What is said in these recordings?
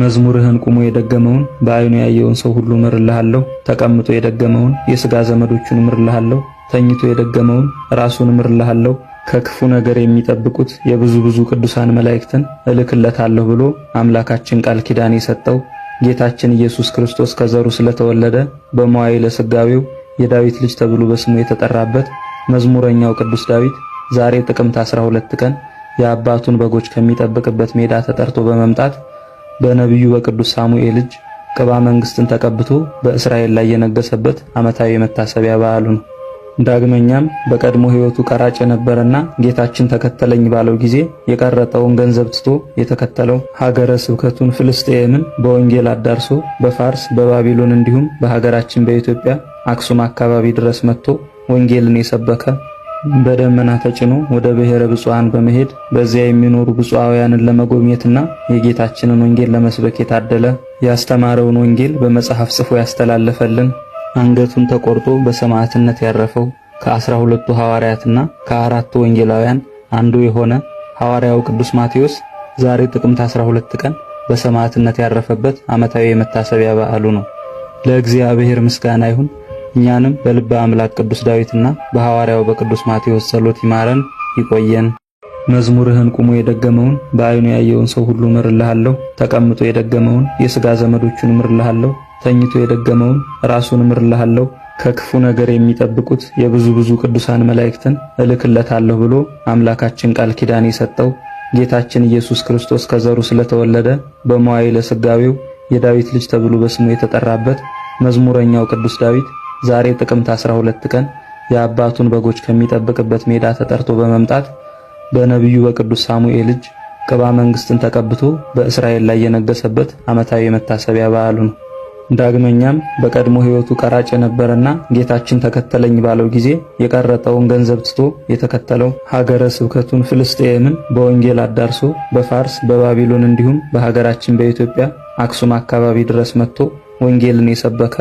መዝሙርህን ቁሞ የደገመውን በአይኑ ያየውን ሰው ሁሉ ምርልሃለሁ። ተቀምጦ የደገመውን የሥጋ ዘመዶቹን ምርልሃለሁ። ተኝቶ የደገመውን ራሱን ምርልሃለሁ። ከክፉ ነገር የሚጠብቁት የብዙ ብዙ ቅዱሳን መላእክትን እልክለታለሁ ብሎ አምላካችን ቃል ኪዳን የሰጠው ጌታችን ኢየሱስ ክርስቶስ ከዘሩ ስለተወለደ በመዋዕለ ሥጋዌው የዳዊት ልጅ ተብሎ በስሙ የተጠራበት መዝሙረኛው ቅዱስ ዳዊት ዛሬ ጥቅምት 12 ቀን የአባቱን በጎች ከሚጠብቅበት ሜዳ ተጠርቶ በመምጣት በነቢዩ በቅዱስ ሳሙኤል እጅ ቅባ መንግስትን ተቀብቶ በእስራኤል ላይ የነገሰበት ዓመታዊ የመታሰቢያ በዓሉ ነው። ዳግመኛም በቀድሞ ሕይወቱ ቀራጭ የነበረና ጌታችን ተከተለኝ ባለው ጊዜ የቀረጠውን ገንዘብ ትቶ የተከተለው ሀገረ ስብከቱን ፍልስጤምን በወንጌል አዳርሶ በፋርስ በባቢሎን እንዲሁም በሀገራችን በኢትዮጵያ አክሱም አካባቢ ድረስ መጥቶ ወንጌልን የሰበከ በደመና ተጭኖ ወደ ብሔረ ብፁዓን በመሄድ በዚያ የሚኖሩ ብፁዓውያንን ለመጎብኘትና የጌታችንን ወንጌል ለመስበክ የታደለ ያስተማረውን ወንጌል በመጽሐፍ ጽፎ ያስተላለፈልን አንገቱን ተቆርጦ በሰማዕትነት ያረፈው ከአስራ ሁለቱ ሐዋርያትና ከአራቱ ወንጌላውያን አንዱ የሆነ ሐዋርያው ቅዱስ ማቴዎስ ዛሬ ጥቅምት 12 ቀን በሰማዕትነት ያረፈበት ዓመታዊ የመታሰቢያ በዓሉ ነው። ለእግዚአብሔር ምስጋና ይሁን። እኛንም በልበ አምላክ ቅዱስ ዳዊትና በሐዋርያው በቅዱስ ማቴዎስ ጸሎት ይማረን ይቆየን። መዝሙርህን ቁሞ የደገመውን በዓይኑ ያየውን ሰው ሁሉ ምርልሃለሁ። ተቀምጦ የደገመውን የሥጋ ዘመዶቹን ምርልሃለሁ። ተኝቶ የደገመውን ራሱን ምርልሃለሁ። ከክፉ ነገር የሚጠብቁት የብዙ ብዙ ቅዱሳን መላእክትን እልክለታለሁ ብሎ አምላካችን ቃል ኪዳን የሰጠው ጌታችን ኢየሱስ ክርስቶስ ከዘሩ ስለተወለደ በመዋዕለ ሥጋዌው የዳዊት ልጅ ተብሎ በስሙ የተጠራበት መዝሙረኛው ቅዱስ ዳዊት ዛሬ ጥቅምት 12 ቀን የአባቱን በጎች ከሚጠብቅበት ሜዳ ተጠርቶ በመምጣት በነቢዩ በቅዱስ ሳሙኤል እጅ ቅባ መንግስትን ተቀብቶ በእስራኤል ላይ የነገሰበት ዓመታዊ የመታሰቢያ በዓሉ ነው። ዳግመኛም በቀድሞ ሕይወቱ ቀራጭ የነበረና ጌታችን ተከተለኝ ባለው ጊዜ የቀረጠውን ገንዘብ ትቶ የተከተለው ሀገረ ስብከቱን ፍልስጤምን በወንጌል አዳርሶ በፋርስ በባቢሎን እንዲሁም በሀገራችን በኢትዮጵያ አክሱም አካባቢ ድረስ መጥቶ ወንጌልን የሰበከ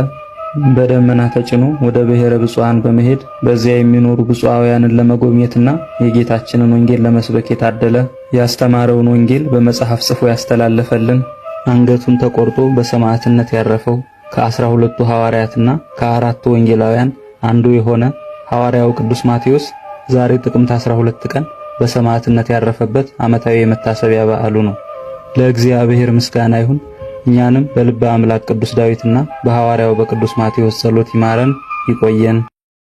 በደመና ተጭኖ ወደ ብሔረ ብፁዓን በመሄድ በዚያ የሚኖሩ ብፁዓውያንን ለመጎብኘትና የጌታችንን ወንጌል ለመስበክ የታደለ ያስተማረውን ወንጌል በመጽሐፍ ጽፎ ያስተላለፈልን አንገቱን ተቆርጦ በሰማዕትነት ያረፈው ከአስራ ሁለቱ ሐዋርያትና ከአራቱ ወንጌላውያን አንዱ የሆነ ሐዋርያው ቅዱስ ማቴዎስ ዛሬ ጥቅምት 12 ቀን በሰማዕትነት ያረፈበት ዓመታዊ የመታሰቢያ በዓሉ ነው። ለእግዚአብሔር ምስጋና ይሁን። እኛንም በልበ አምላክ ቅዱስ ዳዊትና በሐዋርያው በቅዱስ ማቴዎስ ጸሎት ይማረን ይቆየን።